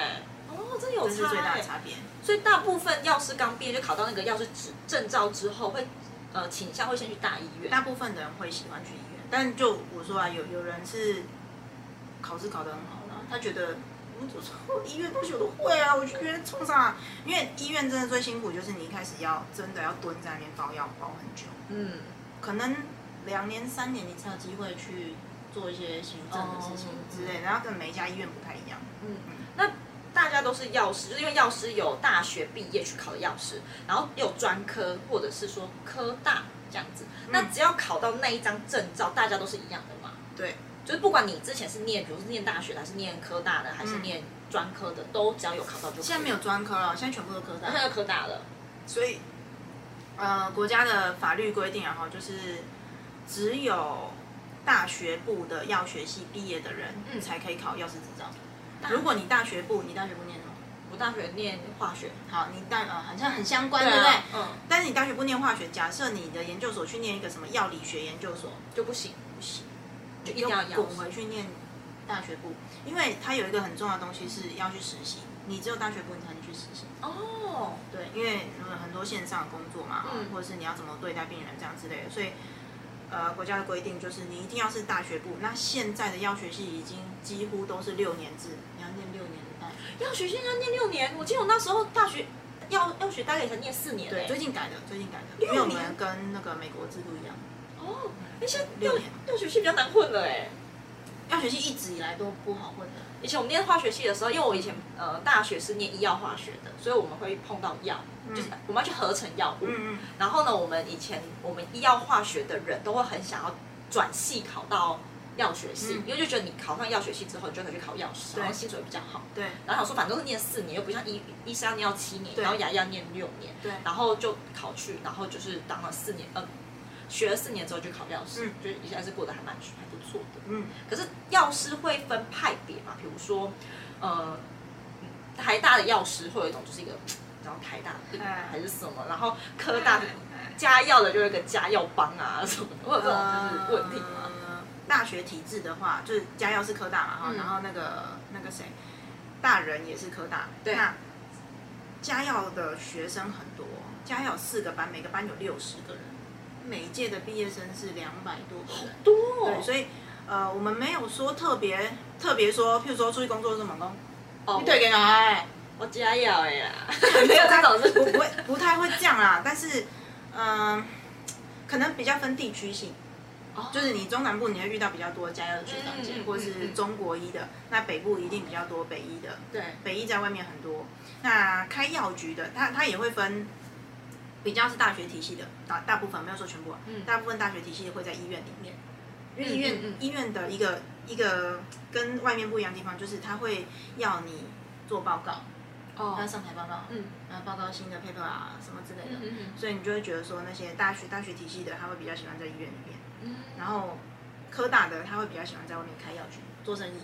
嗯、哦，這有、欸、這是最大的差別。所以大部分藥師剛畢業就考到那個藥師執證照之後，會呃傾向會先去大醫院。大部分的人會喜歡去。但就我說啊，有有人是考試考得很好，啊，呢，他覺得，我就是醫院東西我都會啊，我就覺得衝上，啊。因為醫院真的最辛苦，就是你一開始要真的要蹲在那邊包藥包很久。嗯。可能兩年三年，你才有機會去做一些行政的事情之類，哦、然後跟每一家醫院不太一樣。嗯。嗯，那大家都是藥師，就是因為藥師有大學畢業去考的藥師，然後有專科或者是說科大。這樣子，那只要考到那一張證照、嗯，大家都是一樣的嘛？對，就是不管你之前是念，比如是念大學的，還是念科大的，還是念專科的、嗯，都只要有考到就可以了。現在沒有專科了，現在全部都科大。啊、科大了，所以，呃，國家的法律規定，然後就是只有大學部的藥學系畢業的人，才可以考藥師執照、嗯。如果你大學部，你大學部念。我大學念化學，好，你大、呃好像很相關，對不對？嗯。但是你大學不念化學，假設你的研究所去念一個什麼藥理學研究所就不行，不行，就一定要滾回去念大學部，因為它有一個很重要的東西是要去實習，你只有大學部你才能去實習。哦。對，因為很多線上的工作嘛，嗯，或者是你要怎麼對待病人這樣之類的，所以呃國家的規定就是你一定要是大學部。那現在的藥學系已經幾乎都是六年制，你要念六年。藥學系要念六年，我記得我那時候大學，藥藥學大概也才念四年。欸。對，最近改的，最近改的。六年跟那個美國制度一樣。哦，那些藥藥學系比較難混的哎。欸。藥學系、嗯、一直以來都不好混的。以前我們念化學系的時候，因為我以前呃大學是念醫藥化學的，所以我們會碰到藥、嗯，就是我們要去合成藥物。嗯，嗯。然後呢，我們以前我們醫藥化學的人都會很想要轉系考到。藥學系、嗯，因為就覺得你考上藥學系之後，你就可以去考藥師、嗯，然後薪水比較好。對。然後想說，反正都是念四年，又不像醫醫生念要七年，然後牙醫要念六年。對。然後就考去，然後就是當了四年，嗯，學了四年之後就考藥師、嗯，就一下子過得還蠻還不錯的，嗯。可是藥師會分派別嘛？比如說，呃，台大的藥師會有一種就是一個叫台大病、啊呃、還是什麼，然後科大加藥的就一個加藥幫啊什麼的，或者這種就是問題嗎？大學體制的話，就是嘉藥是科大嘛哈、嗯，然後那個那個誰，大人也是科大，對。那嘉藥的學生很多，嘉藥有四個班，每個班有六十個人，每一屆的畢業生是兩百多個，好多、哦。對，所以呃，我們沒有說特別特別說，譬如說出去工作是什麼哦你退給我。哎，我嘉藥哎呀。沒 有， 他老師不不會不太會這樣啦，但是嗯、呃，可能比較分地區性。就是你中南部你會遇到比較多嘉藥的學長、嗯、或是中國醫的、嗯，那北部一定比較多、嗯、北醫的。對、嗯，北醫在外面很多。那開藥局的，他他也會分，比較是大學體系的，大大部分沒有說全部、嗯，大部分大學體系的會在醫院裡面，嗯、因為醫院、嗯、醫院的一個一個跟外面不一樣的地方，就是他會要你做報告，哦，要上台報告，嗯，然後報告新的 paper 啊什麼之類的、嗯嗯嗯，所以你就會覺得說那些大學大學體系的，他會比較喜歡在醫院裡面。然後，科大的他會比較喜歡在外面開藥局做生意。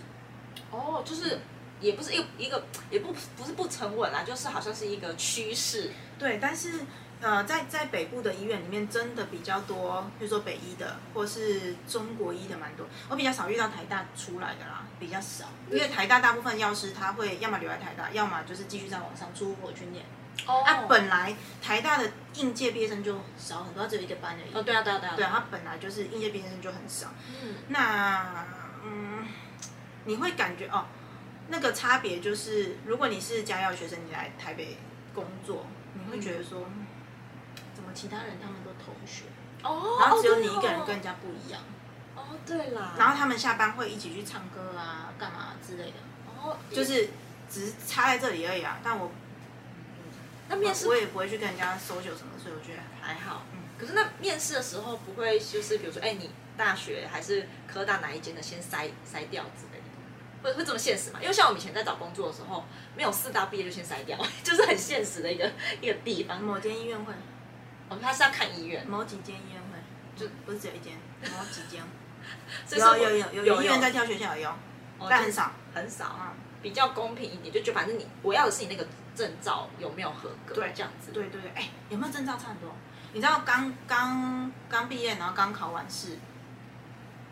哦，就是也不是一個一個，也不不是不沉穩啦，就是好像是一個趨勢。對，但是呃，在在北部的醫院裡面真的比較多，比如說北醫的或是中國醫的蠻多，我比較少遇到台大出來的啦。比較少，因為台大大部分藥師他會要麼留在台大，要麼就是繼續在網上出國去念。哦。那本來台大的應屆畢業生就少很多，他只有一個班而已。哦、oh, 啊，對啊，對啊，對啊。對他本來就是應屆畢業生就很少。嗯。那嗯，你會感覺哦，那個差別就是，如果你是家藥學生，你來台北工作，你會覺得說，嗯、怎麼其他人他們都同學，哦、oh,，然後只有你一個人跟人家不一樣。Oh, 對啦，然後他們下班會一起去唱歌啊，幹嘛、啊、之類的。哦，就是只是插在這裡而已啊。但我，那、嗯嗯呃、面試我也不會去跟人家搜救什麼，所以我覺得還好。嗯。可是那面試的時候不會就是比如說，哎、欸，你大學還是科大哪一間的先塞，先篩篩掉之類的，會會這麼現實嗎？因為像我們以前在找工作的時候，沒有四大畢業就先篩掉，就是很現實的一個一個地方。某間醫院會，們、哦、他是要看醫院，某幾間醫院會，就、嗯、不是只有一間，某幾間。 有有有有有醫院在挑學校有用，用，但很少很少啊、嗯，比較公平一點，就就反正你我要的是你那個證照有沒有合格，對這樣子，對對對，哎、欸、有沒有證照差很多？你知道剛剛剛畢業，然後剛考完試，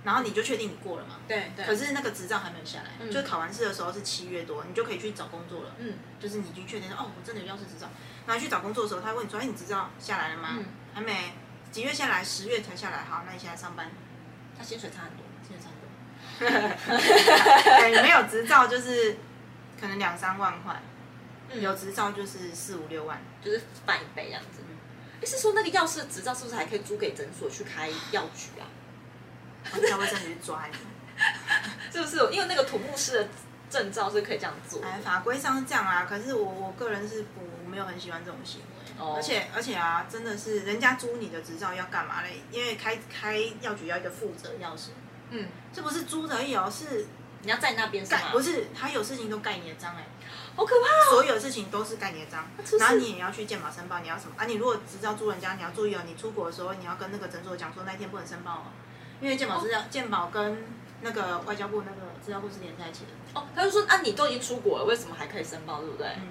然後你就確定你過了嘛？對、嗯、對，可是那個執照還沒有下來，就是、考完試的時候是七月多，你就可以去找工作了，嗯，就是你已經確定哦我真的有藥師執照，然後去找工作的時候，他會問你說、欸、你執照下來了嗎、嗯？還沒，幾月下來？十月才下來，好，那你現在上班。啊、薪水差很多，薪水差很多。對、 欸，沒有執照就是可能兩三萬塊、嗯，有執照就是四五六萬，就是翻一倍這樣子。意、嗯、思、欸、是說那個藥師的執照是不是還可以租給診所去開藥局啊？他會這樣去抓你，是不是？因為那個土木師的證照是可以這樣做。哎、欸，法規上是這樣啊，可是我我個人是不沒有很喜歡這種行為。而且而且啊，真的是人家租你的執照要幹嘛嘞？因為開開藥局要一個負責藥師。嗯，這不是租的哦，是你要在那邊上。不是，他有事情都蓋你的章。哎、欸，好可怕、哦！所有事情都是蓋你的章，啊，然後你也要去健保申報，你要什麼啊？你如果執照租人家，你要注意哦，你出國的時候你要跟那個診所講說那一天不能申報哦，因為健保資料，哦、健保跟那個外交部那個資料庫是連在一起的哦。他就說啊，你都已經出國了，為什麼還可以申報，對不對？嗯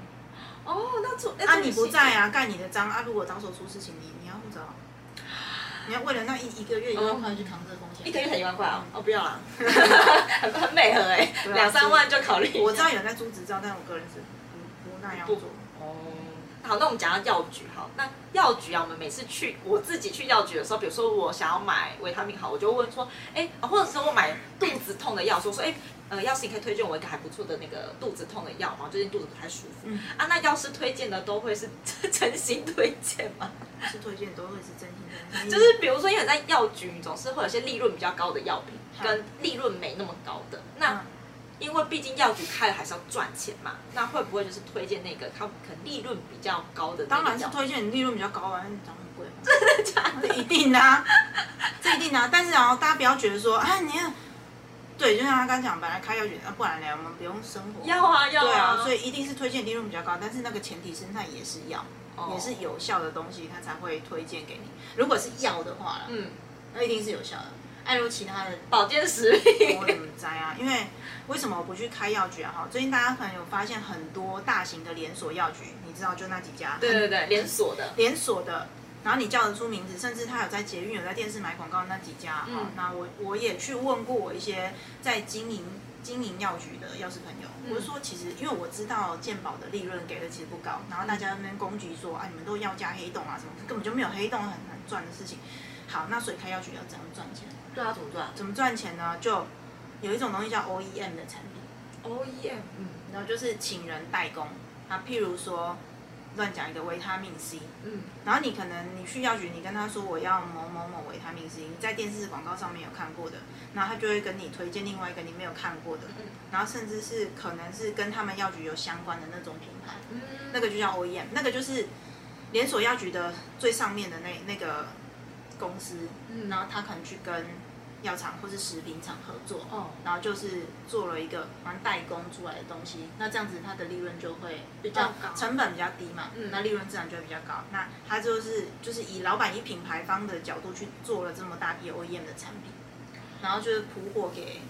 哦，那做、欸、啊，做你不在啊，蓋你的章啊。如果診所出事情，你你要負責、嗯，你要為了那一一個月一萬塊去扛這個風險，一個月才、嗯、一萬塊啊、哦嗯？哦，不要啦、啊，嗯、 很很美和哎，兩三萬就考慮。我知道有人在租執照，但我個人是不不，不那樣做的不。哦，好，那我們講到藥局，好，那藥局啊，我們每次去，我自己去藥局的時候，比如說我想要買維他命，好，我就問說，哎，或者說我買肚子痛的藥，我說，哎。呃，藥師，你可以推薦我一個還不錯的那個肚子痛的藥嗎？最、就、近、是、肚子不太舒服。嗯、啊，那藥師推薦的都會是真心推薦嗎？是推薦都會是真心推薦？就是比如說，因為你在藥局總是會有些利潤比較高的藥品，跟利潤沒那麼高的。嗯、那因為畢竟藥局開了還是要賺錢嘛、嗯，那會不會就是推薦那個它可能利潤比較高的？當然是推薦你利潤比較高啊，你為漲很貴嘛。哈一定啊，這一定啊。但是啊，大家不要覺得說，啊，你看。對，就像他剛剛講，本來開藥局，那、啊、不然呢？我們不用生活。要啊要啊。對啊，所以一定是推薦利潤比較高，但是那個前提是那也是藥、哦，也是有效的東西，他才會推薦給你。如果是藥的話，嗯，那一定是有效的。愛如其他的保健食品，我怎麼摘啊？因為為什麼我不去開藥局啊？哈，最近大家可能有發現很多大型的連鎖藥局，你知道就那幾家，對對對，連鎖的，連鎖的。然後你叫得出名字，甚至他有在捷運、有在電視買廣告那幾家，嗯哦，那我我也去問過我一些在經營經營藥局的藥師朋友，嗯，我就說，其實因為我知道健保的利潤給的其實不高，然後大家那邊攻擊說啊你們都藥價黑洞啊什麼，根本就沒有黑洞很難賺的事情。好，那所以開藥局要怎樣賺錢？要怎麼賺？怎麼賺錢呢？就有一種東西叫 OEM 的產品。OEM，嗯，然後就是請人代工啊，譬如說。亂講一個維他命 C，嗯，然後你可能你去藥局，你跟他說我要某某某維他命 C，你在電視廣告上面有看過的，然後他就會跟你推薦另外一個你沒有看過的，然後甚至是可能是跟他們藥局有相關的那種品牌，那個就叫 OEM，那個就是連鎖藥局的最上面的那那個公司，然後他可能去跟。藥廠或是食品廠合作，哦，然後就是做了一個，好像代工出來的東西，那這樣子它的利潤就會比較高，哦、成本比較低嘛，嗯、那利潤自然就會比較高。嗯、那他就是就是以老闆以品牌方的角度去做了這麼大批 OEM 的產品，然後就是鋪貨給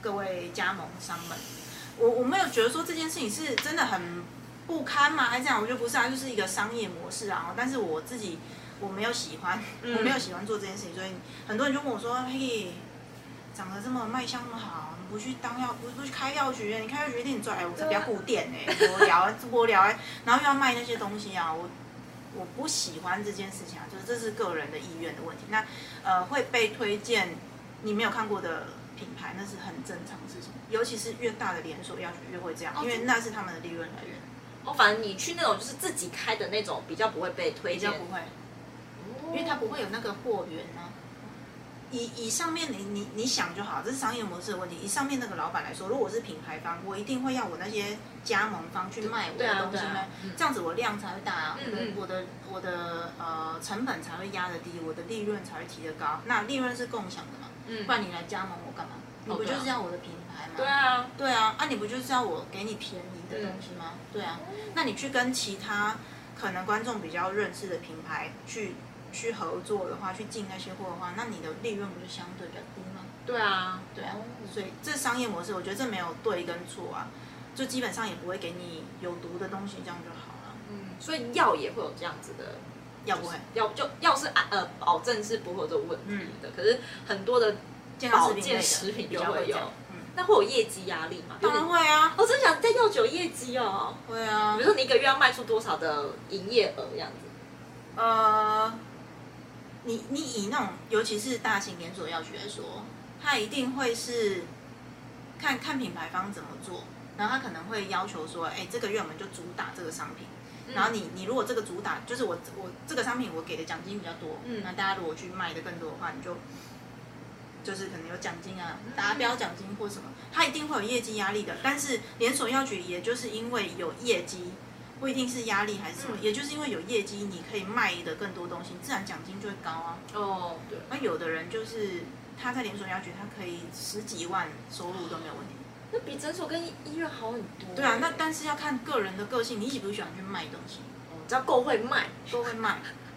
各位加盟商們。我我沒有覺得說這件事情是真的很不堪嘛，還是這樣？我覺得不是，啊，它就是一個商業模式啊。但是我自己。我沒有喜歡，我沒有喜歡做這件事情，嗯、所以很多人就問我說：“嘿，長得這麼賣相那麼好，你不去當藥，不不去開藥局，欸？你開藥局一定賺。”哎，我是比較顧店哎，我聊直播聊啊，然後又要賣那些東西啊，我我不喜歡這件事情啊，就是這是個人的意願的問題。那呃會被推薦你沒有看過的品牌，那是很正常的事情，尤其是越大的連鎖藥局越會這樣，因為那是他們的利潤來源。哦，反正你去那種就是自己開的那種比較不會被推薦，比較不會。因為他不會有那個貨源呢、啊哦。以以上面你你你想就好，這是商業模式的問題。以上面那個老闆來說，如果我是品牌方，我一定會要我那些加盟方去賣我的東西呢、啊啊嗯，這樣子我量才會大，嗯嗯、我的我的我的呃成本才會壓得低，我的利潤才會提得高。那利潤是共享的嘛？嗯，不然你來加盟我幹嘛？Okay. 你不就是要我的品牌嗎？對啊，對啊，啊你不就是要我給你便宜的東西嗎？嗯、對啊，那你去跟其他可能觀眾比較認識的品牌去。去合作的話，去進那些貨的話，那你的利潤不就相對比較低嗎？對啊，對啊，哦、所以這商業模式，我覺得這沒有對跟錯啊，就基本上也不會給你有毒的東西，這樣就好了。嗯，所以藥也會有這樣子的，藥不會，藥就藥是，藥就藥是呃保證是不會有這問題的、嗯，可是很多的保健食，食品就會有會、嗯，那會有業績壓力嘛？當然會啊，我、就是哦、真想在要求業績哦。會啊，比如說你一個月要賣出多少的營業額這樣子，呃。你你以那種，尤其是大型連鎖藥局來說，它一定會是看看品牌方怎麼做，然後他可能會要求說，哎、欸，這個月我們就主打這個商品，然後你你如果這個主打就是我我這個商品我給的獎金比較多，嗯，那大家如果去賣的更多的話，你就就是可能有獎金啊，達標獎金或什麼，它一定會有業績壓力的。但是連鎖藥局也就是因為有業績。不一定是壓力、力，還是什麼，也就是因為有業績，你可以賣的更多東西，自然獎金就會高啊。哦，對。那有的人就是他在連鎖藥局，他可以十幾萬收入都沒有問題，哦、那比診所跟醫院好很多、欸。對啊，那但是要看個人的個性，你喜不喜歡去賣東西？嗯、只要夠會賣，夠會賣。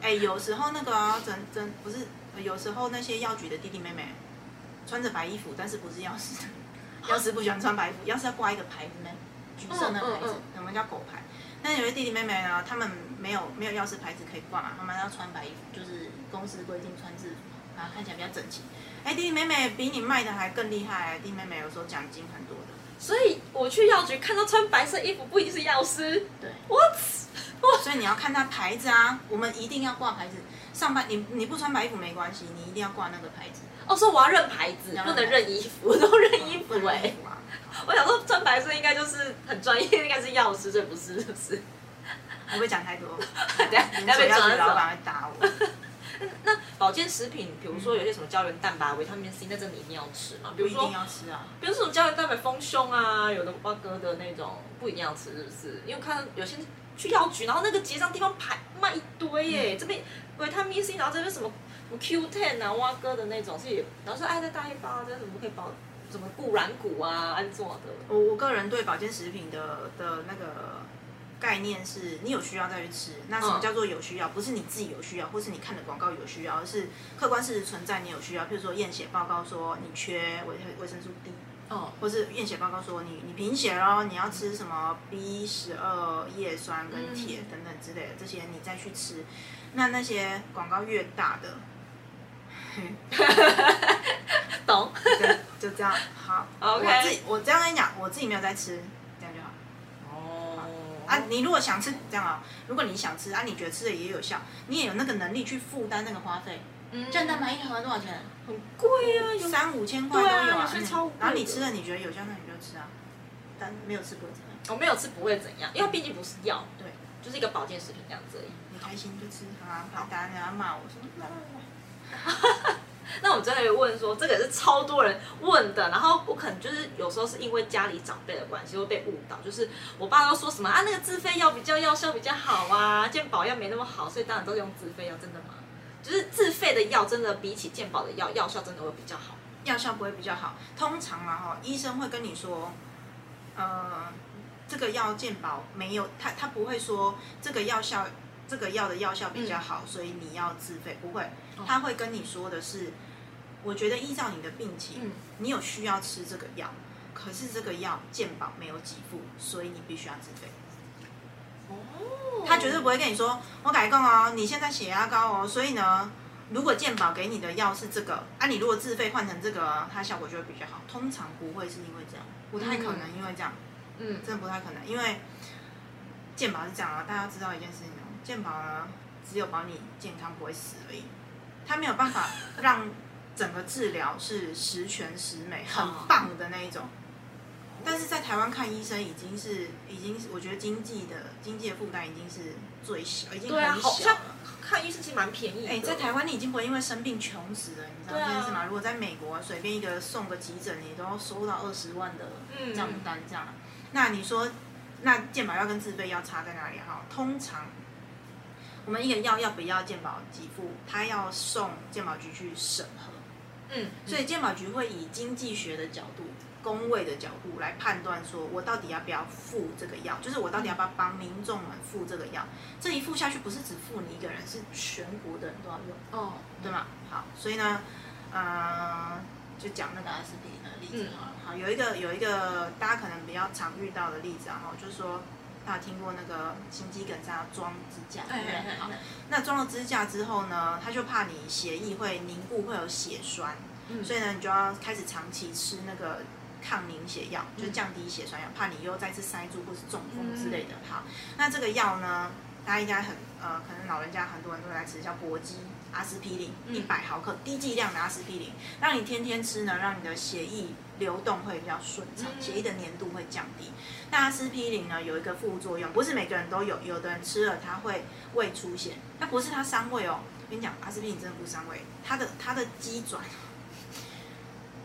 哎、 欸，有時候那個診、啊、診不是，有時候那些藥局的弟弟妹妹穿着白衣服，但是不是藥師，藥、哦、師不喜歡穿白衣服，藥、嗯、師要掛一個牌,、嗯、牌子，呢、嗯，橘色的牌子，什麼叫狗牌？那有些弟弟妹妹呢，他們沒有沒有藥師牌子可以掛嘛，他們要穿白衣服，就是公司規定穿制服，看起來比較整齊。哎、欸，弟弟妹妹比你賣的還更厲害，弟弟妹妹有時候獎金很多的。所以我去藥局看到穿白色衣服，不一定是藥師。對。What？哇！所以你要看他牌子啊，我們一定要掛牌子。上班你你不穿白衣服沒關係，你一定要掛那個牌子。哦，說我要認牌子，牌子不能認衣服，我都認衣服、欸。哎、哦。我想說穿白色應該就是很專業，應該是藥師，這不是是不是？會不，不會講太多？ 等下要、嗯、被主老闆會打我。 那保健食品，比如說有些什麼膠原蛋白、維、嗯、他命 C，那真的一定要吃嗎？不一定要吃啊。比如說什麼膠原蛋白豐胸啊，有的蛙哥的那種不一定要吃，是不是？因為看有些人去藥局，然後那個結賬地方排賣一堆耶、欸、嗯，這邊維他命 C，然後這邊什麼什麼 Q10 啊、蛙哥的那種，所以然後說哎，再帶一包、啊，這樣怎麼不可以包。什麼固軟骨啊，安佐的？我我個人對保健食品的的那個概念是，你有需要再去吃。那什麼叫做有需要？Oh. 不是你自己有需要，或是你看的廣告有需要，而是客觀事實存在你有需要。譬如說，驗血報告說你缺維維生素 D 哦、oh.，或是驗血報告說你你貧血哦，你要吃什麼 B 十二葉酸跟鐵等等之類的、mm. 這些你再去吃。那那些廣告越大的， 懂。就這樣好，okay. 我自己我這樣跟你講，我自己沒有在吃，這樣就好。哦，oh. 啊，你如果想吃這樣啊，如果你想吃啊，你覺得吃的也有效，你也有那個能力去負擔那個花費。嗯。占的買一盒多少錢？嗯、很貴啊，三五千塊都有啊，對啊有錢超、嗯。然後你吃了你覺得有效，那你就吃啊。但沒有吃不會怎樣。我沒有吃不會怎樣，因為畢竟不是藥、嗯，對，就是一個保健食品這樣子。你開心就吃，開心就吃。大家罵，我說來來來。哈 那我們剛才有問說，這個也是超多人問的，然後我可能就是有時候是因為家裡長輩的關係會被誤導，就是我爸都說什麼啊，那個自費藥比較藥效比較好啊，健保藥沒那麼好，所以當然都是用自費藥，真的嗎？就是自費的藥真的比起健保的藥藥效真的會比較好？藥效不會比較好，通常嘛、啊、哈，醫生會跟你說，呃，這個藥健保沒有，他他不會說這個藥效，這個藥的藥效比較好、嗯，所以你要自費，不會。他會跟你說的是，我覺得依照你的病情，嗯，你有需要吃這個藥，可是這個藥健保沒有給付，所以你必須要自費，哦。他絕對不會跟你說，我改供哦，你現在血壓高哦，所以呢，如果健保給你的藥是這個，啊，你如果自費換成這個，它效果就會比較好。通常不會是因為這樣，不太可能因為這樣，嗯，真的不太可能，因為健保是這樣啊，哦，大家知道一件事情哦，健保呢，只有保你健康不會死而已。他沒有辦法讓整個治療是十全十美、很棒的那一種，但是在台灣看醫生已經是，已經是我覺得經濟的經濟的負擔已經是最小，已經很小，、啊小。看醫生其實蠻便宜的。哎、欸，在台灣你已經不會因為生病窮死了，你知道、啊、是嗎？如果在美國隨便一個送個急診，你都要收到二十萬的賬單這樣單價、嗯。那你說，那健保要跟自費要差在哪裡？哈，通常。我們一個藥要不要健保給付，他要送健保局去審核嗯，嗯，所以健保局會以經濟學的角度、公衛的角度來判斷，說我到底要不要付這個藥，就是我到底要不要幫民眾們付這個藥，嗯、這一付下去不是只付你一個人，是全國的人都要用，哦，對嗎？好，所以呢，呃，就講那個 S B 的例子好,、嗯、好，有一個有一個大家可能比較常遇到的例子然、啊、後就是說。他聽過那個心肌梗塞要裝支架，對，好，那裝了支架之後呢，他就怕你血液會凝固，會有血栓，嗯，所以呢，你就要開始長期吃那個抗凝血藥，就降低血栓藥，怕你又再次塞住或是中風之類的，哈，那這個藥呢，大家應該很呃，可能老人家很多人都會來吃，叫薄基阿司匹林，一百毫克，嗯、低劑量的阿司匹林，讓你天天吃呢，讓你的血液，流動會比較順暢，血液的粘度會降低。那阿司匹林呢？有一個副作用，不是每個人都有，有的人吃了它會胃出血，那、嗯、不是它傷胃哦。我跟你講，阿司匹林真的不傷胃，它的它的機轉，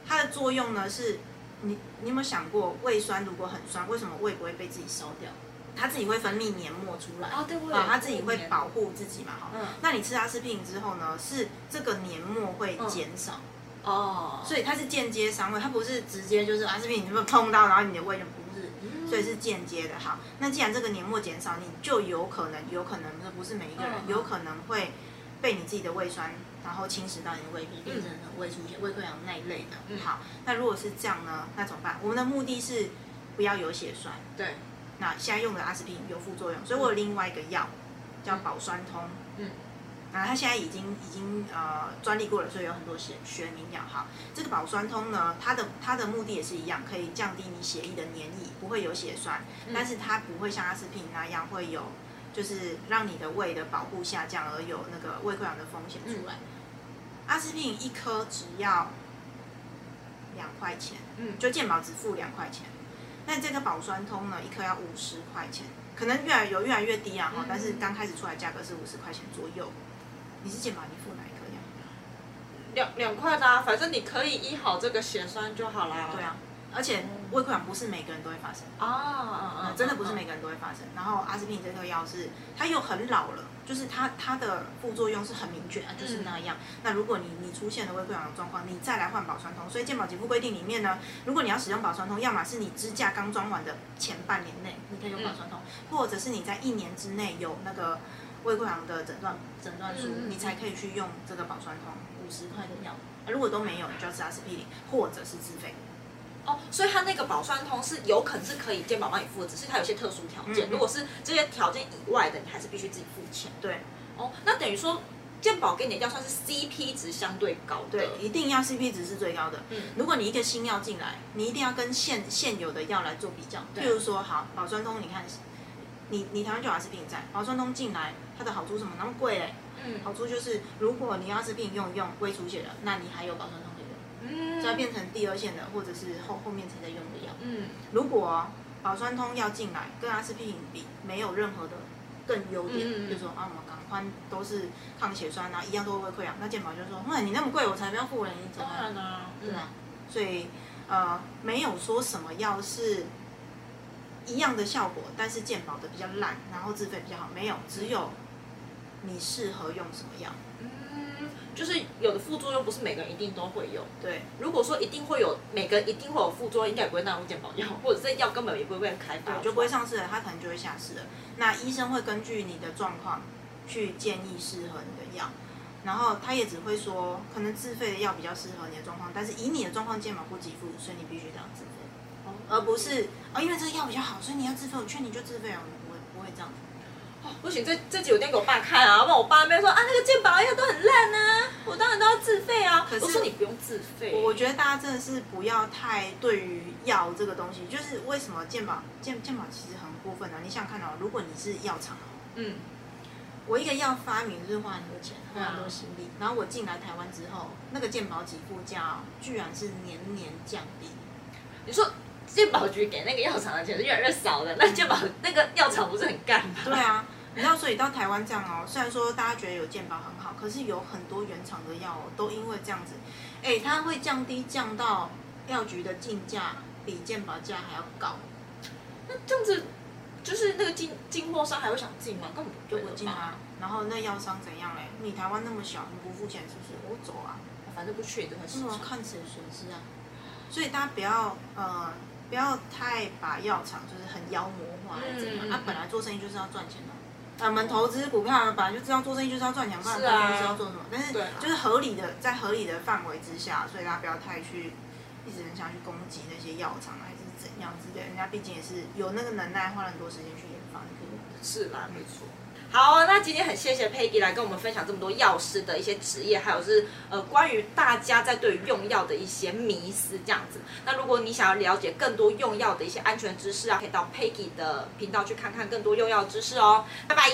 它的作用呢是，你你有沒有想過，胃酸如果很酸，為什麼胃不會被自己燒掉？它自己會分泌黏膜出來、哦、對不對，它、哦、自己會保護自己嘛，哈、嗯嗯，那你吃阿司匹林之後呢，是這個黏膜會減少。嗯哦、oh.，所以它是間接傷胃，它不是直接就是阿司匹林。你如果碰到，然後你的胃就不是，所以是間接的。好，那既然這個黏膜減少，你就有可能，有可能，不是每一個人，oh. 有可能會，被你自己的胃酸然後侵蝕到你的胃壁，變成胃出血、嗯、胃潰瘍那一類的。嗯，好，那如果是這樣呢，那怎麼辦？我們的目的是不要有血栓。對。那現在用的阿司匹林有副作用，所以我有另外一個藥叫保酸通。嗯。嗯那、啊、它現在已經已經呃專利過了，所以有很多學學名藥哈。這個保酸通呢，它的它的目的也是一樣，可以降低你血液的黏液，不會有血栓，但是它不會像阿司匹林那樣會有，就是讓你的胃的保護下降而有那個胃潰瘍的風險出來。嗯、阿司匹林一顆只要兩塊錢，嗯，就健保只付兩塊錢。那這個保酸通呢，一顆要五十塊錢，可能越來有越來越低啊哈，但是剛開始出來價格是五十塊錢左右。嗯嗯你是健保你付哪一個兩兩塊的啊？反正你可以醫好這個血栓就好了，好了。對啊，而且胃潰瘍不是每個人都會發生啊、哦嗯嗯嗯嗯嗯嗯嗯，真的不是每個人都會發生。然後阿司匹林這顆藥是它又很老了，就是它它的副作用是很明確，就是那樣。嗯、那如果你你出現了胃潰瘍的狀況，你再來換保栓通。所以健保給付規定裡面呢，如果你要使用保栓通，要麼是你支架剛裝完的前半年內你可以用保栓通，或者是你在一年之內有那個。胃潰瘍的診斷診斷書，嗯嗯嗯，你才可以去用這個保酸通五十塊的藥。嗯嗯，如果都沒有，嗯嗯，你就要吃阿司匹林或者是自費。哦，所以它那個保酸通是有可能是可以健保幫你付的，只是它有一些特殊條件。嗯嗯，如果是這些條件以外的，你還是必須自己付錢。對。哦，那等於說健保給你的藥算是 CP 值相對高的。對，一定要 CP 值是最高的。嗯。如果你一個新藥進來，你一定要跟現現有的藥來做比較。對。譬如說好，好保酸通你，你看你你台灣就有阿司匹林在保酸通進來。它的好處什麼那麼貴嘞？嗯，好處就是如果你阿司匹林用一用，胃出血了，那你還有保栓通用的，嗯，就要變成第二線的或者是後後面才在用的藥，嗯。如果保、哦、栓通藥進來，跟阿司匹林比沒有任何的更優點，就、嗯、說啊，我們港寬都是抗血栓啊，一樣都會胃潰瘍。那健保就說，媽，你那麼貴，我才不要護人一怎麼、啊？當、嗯、然對啊。所以呃，沒有說什麼藥是一樣的效果，但是健保的比較爛，然後自費比較好，沒有，只有。你適合用什麼藥？嗯，就是有的副作用不是每個人一定都會有。對，如果說一定會有，每個人一定會有副作用，應該也不會納入健保藥，或者這藥根本也不會被人開，對，我就不會上市了，它可能就會下市了。那醫生會根據你的狀況去建議適合你的藥，然後他也只會說，可能自費的藥比較適合你的狀況，但是以你的狀況健保不給付，所以你必須當自費，哦，而不是哦，因為這個藥比較好，所以你要自費，我勸你就自費哦。哦、不行，這這只店給我爸看啊，不然我爸那邊說啊，那個健保藥都很爛啊，我當然都要自費啊。可是我說你不用自費。欸，我覺得大家真的是不要太對於藥這個東西，就是為什麼健保健健保其實很過分呢，啊？你想看哦，如果你是藥廠嗯，我一個藥發明就是花很多錢，花很多心力。然後我進來台灣之後，那個健保給付價居然是年年降低，嗯。你說健保局給那個藥廠的錢是越來越少的，那健保，嗯，那個藥廠不是很幹嗎，嗯？對啊。你知道，所以到台灣這樣哦，雖然說大家覺得有健保很好，可是有很多原廠的藥、哦、都因為這樣子，哎、欸，它會降低降到藥局的進價比健保價還要高，那這樣子就是那個進進貨商還會想進嗎、啊？根本就不會進啊。然後那藥商怎樣嘞？你台灣那麼小，你不付錢是不是？我走啊，反正不缺、嗯、的還是。那怎麼看誰損失啊？所以大家不要呃不要太把藥廠就是很妖魔化，還是怎樣？他、嗯啊、本來做生意就是要賺錢的。他、呃、們投資股票，本來就知道做生意就是要賺錢，不然做生意做什麼？但是就是合理的，在合理的範圍之下，所以大家不要太去一直很想去攻擊那些藥廠，還是怎樣之類的。人家畢竟也是有那個能耐，花了很多時間去研發，是啦、啊，沒錯。好，那今天很謝謝 Peggie 來跟我們分享這麼多藥師的一些職業，還有是呃關於大家在對於用藥的一些迷思這樣子。那如果你想要了解更多用藥的一些安全知識啊，可以到 Peggie 的頻道去看看更多用藥的知識哦。拜拜。